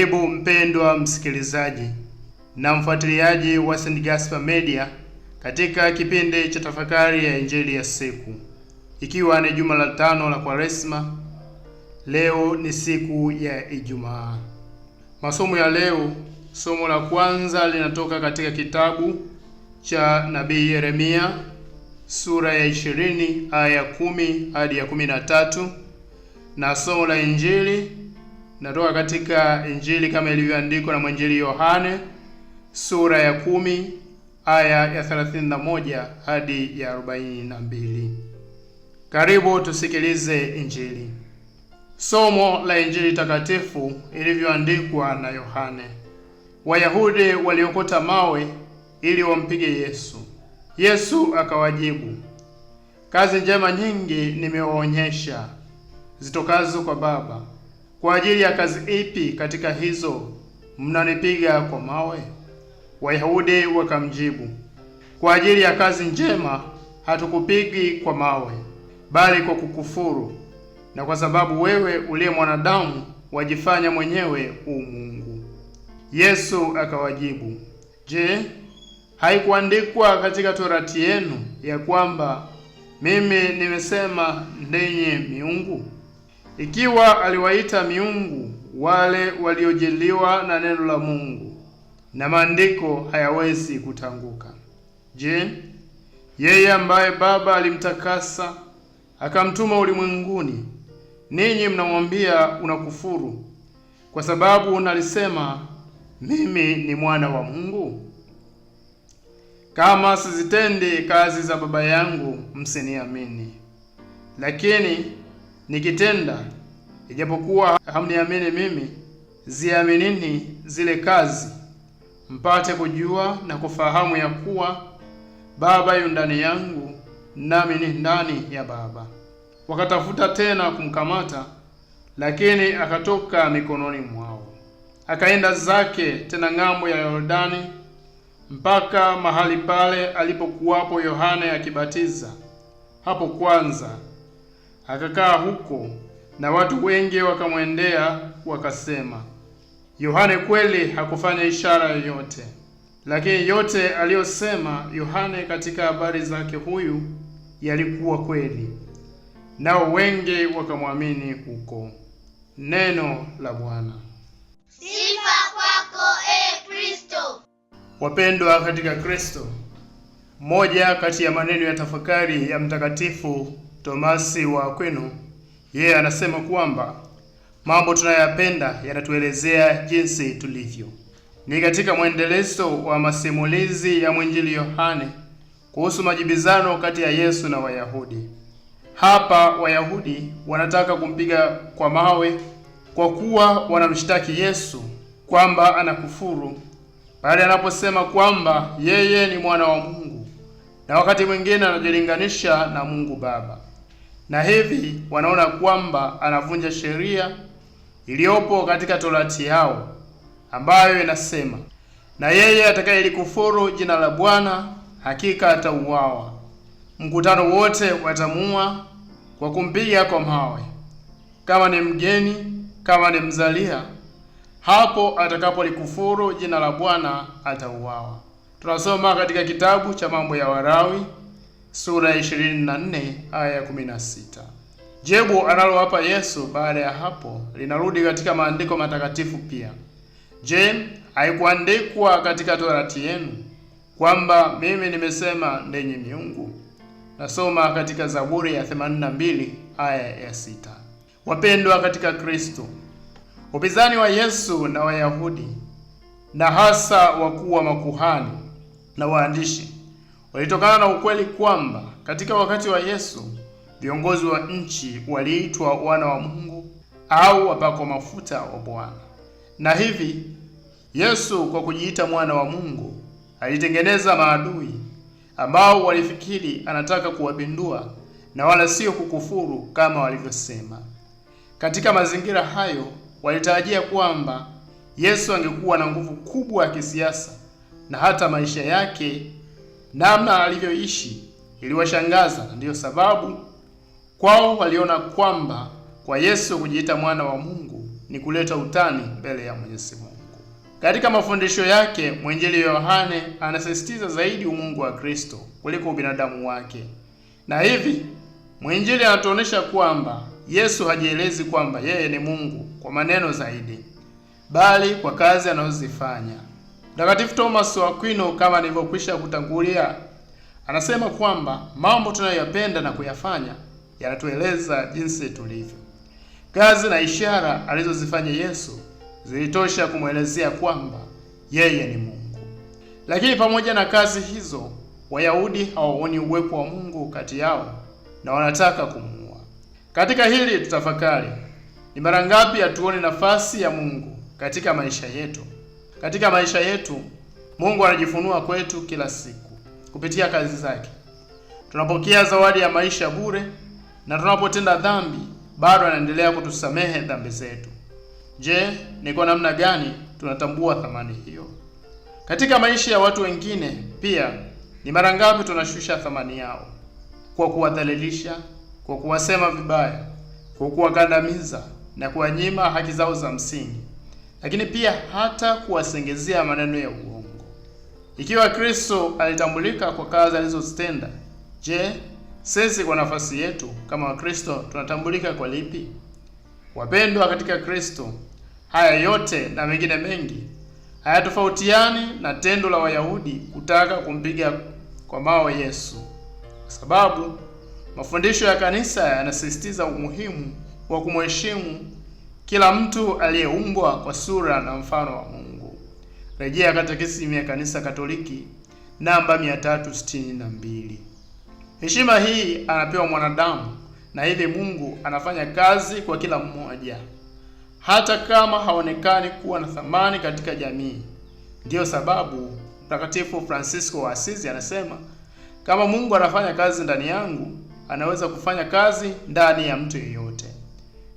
Karibu mpendwa msikilizaji na mfuatiliaji wa St. Gaspar Media katika kipindi cha tafakari ya injili ya siku, ikiwa ni juma la tano la Kwaresma. Leo ni siku ya Ijumaa. Masomo ya leo, somo la kwanza linatoka katika kitabu cha nabii Yeremia sura ya 20 aya ya 10 hadi ya 13 na somo la injili Natoka katika Injili kama ilivyoandikwa na mwanjili Yohane sura ya kumi aya ya 31 hadi ya 42. Karibu tusikilize Injili. Somo la Injili takatifu ilivyoandikwa na Yohane. Wayahudi waliokota mawe ili wampige Yesu. Yesu akawajibu, kazi njema nyingi nimewaonyesha zitokazo kwa Baba kwa ajili ya kazi ipi katika hizo mnanipiga kwa mawe? Wayahudi wakamjibu, kwa ajili ya kazi njema hatukupigi kwa mawe, bali kwa kukufuru na kwa sababu wewe uliye mwanadamu wajifanya mwenyewe u Mungu. Yesu akawajibu, Je, haikuandikwa katika torati yenu ya kwamba mimi nimesema ndenye miungu? ikiwa aliwaita miungu wale waliojeliwa na neno la Mungu na maandiko hayawezi kutanguka. Je, yeye ambaye Baba alimtakasa akamtuma ulimwenguni, ninyi mnamwambia unakufuru kwa sababu unalisema mimi ni mwana wa Mungu? Kama sizitendi kazi za Baba yangu msiniamini, lakini nikitenda, ijapokuwa hamniamini mimi, ziaminini zile kazi, mpate kujua na kufahamu ya kuwa Baba yu ndani yangu, nami ni ndani ya Baba. Wakatafuta tena kumkamata, lakini akatoka mikononi mwao, akaenda zake tena ng'ambo ya Yordani mpaka mahali pale alipokuwapo Yohane akibatiza hapo kwanza akakaa huko, na watu wengi wakamwendea wakasema, Yohane kweli hakufanya ishara yoyote, lakini yote aliyosema Yohane katika habari zake huyu yalikuwa kweli, nao wengi wakamwamini huko. Neno la Bwana. Sifa kwako e Kristo. Wapendwa katika Kristo, moja kati ya maneno ya tafakari ya Mtakatifu Tomasi wa Akwino, yeye anasema kwamba mambo tunayoyapenda yanatuelezea jinsi tulivyo. Ni katika mwendelezo wa masimulizi ya mwinjili Yohane kuhusu majibizano kati ya Yesu na Wayahudi. Hapa Wayahudi wanataka kumpiga kwa mawe kwa kuwa wanamshtaki Yesu kwamba anakufuru pale anaposema kwamba yeye ni mwana wa Mungu na wakati mwingine anajilinganisha na Mungu Baba na hivi wanaona kwamba anavunja sheria iliyopo katika Torati yao ambayo inasema, na yeye atakayelikufuru jina la Bwana hakika atauawa, mkutano wote watamua kwa kumpiga kwa mawe, kama ni mgeni, kama ni mzalia, hapo atakapolikufuru jina la Bwana atauawa. Tunasoma katika kitabu cha Mambo ya Warawi sura 24 aya 16. Jibu analowapa Yesu baada ya hapo linarudi katika maandiko matakatifu pia. Je, haikuandikwa katika torati yenu kwamba mimi nimesema ndenye miungu? Nasoma katika Zaburi ya 82 aya ya 6. Wapendwa katika Kristo, upinzani wa Yesu na Wayahudi na hasa wakuu wa makuhani na waandishi walitokana na ukweli kwamba katika wakati wa Yesu viongozi wa nchi waliitwa wana wa Mungu au wapakwa mafuta wa Bwana, na hivi Yesu kwa kujiita mwana wa Mungu alitengeneza maadui ambao walifikiri anataka kuwabindua na wala sio kukufuru kama walivyosema. Katika mazingira hayo, walitarajia kwamba Yesu angekuwa na nguvu kubwa ya kisiasa na hata maisha yake namna alivyoishi iliwashangaza, na ndiyo sababu kwao waliona kwamba kwa Yesu kujiita mwana wa Mungu ni kuleta utani mbele ya Mwenyezi Mungu. Katika mafundisho yake mwinjili Yohane anasisitiza zaidi umungu wa Kristo kuliko ubinadamu wake, na hivi mwinjili anatuonesha kwamba Yesu hajielezi kwamba yeye ni Mungu kwa maneno zaidi, bali kwa kazi anazozifanya. Mtakatifu Thomas wa Aquino, kama nilivyokwisha kutangulia, anasema kwamba mambo tunayoyapenda na kuyafanya yanatueleza jinsi tulivyo. Kazi na ishara alizozifanya Yesu zilitosha kumwelezea kwamba yeye ni Mungu. Lakini pamoja na kazi hizo, Wayahudi hawaoni uwepo wa Mungu kati yao na wanataka kumuua. Katika hili tutafakari, ni mara ngapi hatuoni nafasi ya Mungu katika maisha yetu? Katika maisha yetu, Mungu anajifunua kwetu kila siku kupitia kazi zake. Tunapokea zawadi ya maisha bure, na tunapotenda dhambi bado anaendelea kutusamehe dhambi zetu. Je, ni kwa namna gani tunatambua thamani hiyo katika maisha ya watu wengine? Pia ni mara ngapi tunashusha thamani yao kwa kuwadhalilisha, kwa kuwasema vibaya, kwa kuwakandamiza na kuwanyima haki zao za msingi? lakini pia hata kuwasengezea maneno ya uongo. Ikiwa Kristo alitambulika kwa kazi alizozitenda, je, sisi kwa nafasi yetu kama Wakristo tunatambulika kwa lipi? Wapendwa katika Kristo, haya yote na mengine mengi hayatofautiani na tendo la Wayahudi kutaka kumpiga kwa mawe Yesu, kwa sababu mafundisho ya kanisa yanasisitiza umuhimu wa kumheshimu kila mtu aliyeumbwa kwa sura na mfano wa Mungu. Rejea Katekisimu ya Kanisa Katoliki namba 362. Heshima hii anapewa mwanadamu na hivi Mungu anafanya kazi kwa kila mmoja, hata kama haonekani kuwa na thamani katika jamii. Ndiyo sababu Mtakatifu Francisco wa Asizi anasema, kama Mungu anafanya kazi ndani yangu, anaweza kufanya kazi ndani ya mtu yeyote.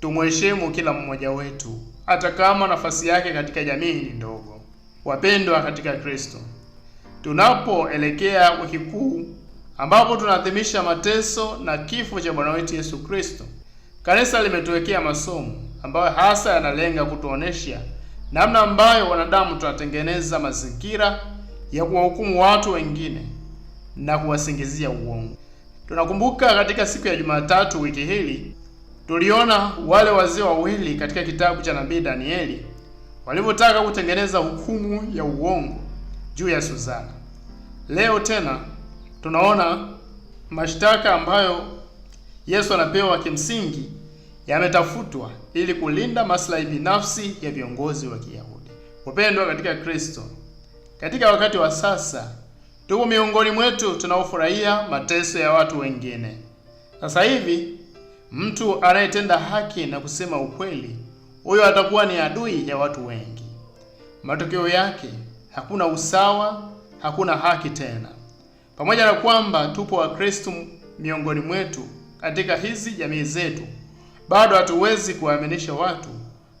Tumheshimu kila mmoja wetu, hata kama nafasi yake katika jamii ni ndogo. Wapendwa katika Kristo, tunapoelekea wiki kuu ambapo tunaadhimisha mateso na kifo cha Bwana wetu Yesu Kristo, kanisa limetuwekea masomo ambayo hasa yanalenga kutuonesha namna ambayo wanadamu tunatengeneza mazingira ya kuwahukumu watu wengine na kuwasingizia uongo. Tunakumbuka katika siku ya Jumatatu wiki hili Tuliona wale wazee wawili katika kitabu cha nabii Danieli walivyotaka kutengeneza hukumu ya uongo juu ya Suzana. Leo tena tunaona mashtaka ambayo Yesu anapewa kimsingi yametafutwa ili kulinda maslahi binafsi ya viongozi wa Kiyahudi. Wapendwa katika Kristo, katika wakati wa sasa tupo miongoni mwetu tunaofurahia mateso ya watu wengine. Sasa hivi Mtu anayetenda haki na kusema ukweli, huyo atakuwa ni adui ya watu wengi. Matokeo yake hakuna usawa, hakuna haki tena. Pamoja na kwamba tupo Wakristo miongoni mwetu katika hizi jamii zetu, bado hatuwezi kuwaaminisha watu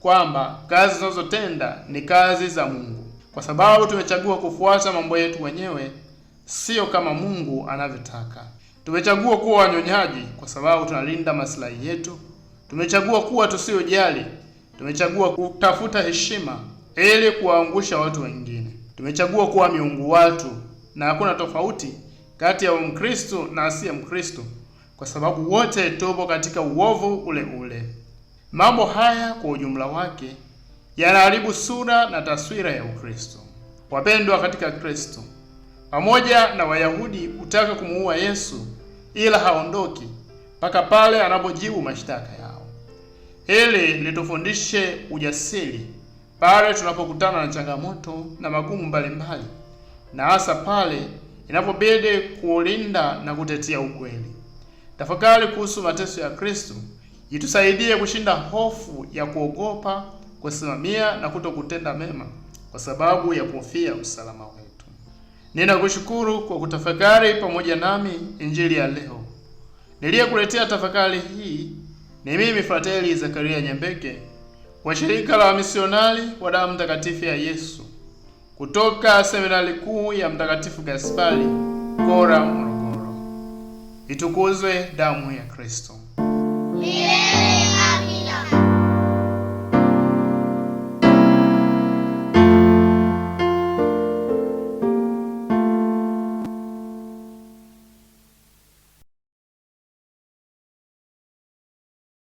kwamba kazi zinazotenda ni kazi za Mungu, kwa sababu tumechagua kufuata mambo yetu wenyewe, siyo kama Mungu anavyotaka. Tumechagua kuwa wanyonyaji kwa sababu tunalinda maslahi yetu. Tumechagua kuwa jali Tumechagua kutafuta heshima ili kuwaangusha watu wengine. Tumechagua kuwa miungu watu, na hakuna tofauti kati ya Mkristo na asiye Mkristo, kwa sababu wote tupo katika uovu ule ule. Mambo haya kwa ujumla wake yanaharibu sura na taswira ya Ukristo. Wapendwa katika Kristo, pamoja na Wayahudi kutaka kumuua Yesu ila haondoki mpaka pale anapojibu mashtaka yao. Hili litufundishe ujasiri pale tunapokutana na changamoto na magumu mbalimbali, na hasa pale inapobidi kuulinda na kutetea ukweli. Tafakari kuhusu mateso ya Kristo itusaidie kushinda hofu ya kuogopa, kusimamia na kutokutenda mema kwa sababu ya kuhofia usalama wetu. Ninakushukuru kwa kutafakari pamoja nami injili ya leo. Niliyekuletea tafakari hii ni mimi Frateli Zakaria Nyembeke wa shirika la wamisionari wa damu mtakatifu ya Yesu kutoka seminari kuu ya Mtakatifu Gaspari Kora, Morogoro. Itukuzwe damu ya Kristo!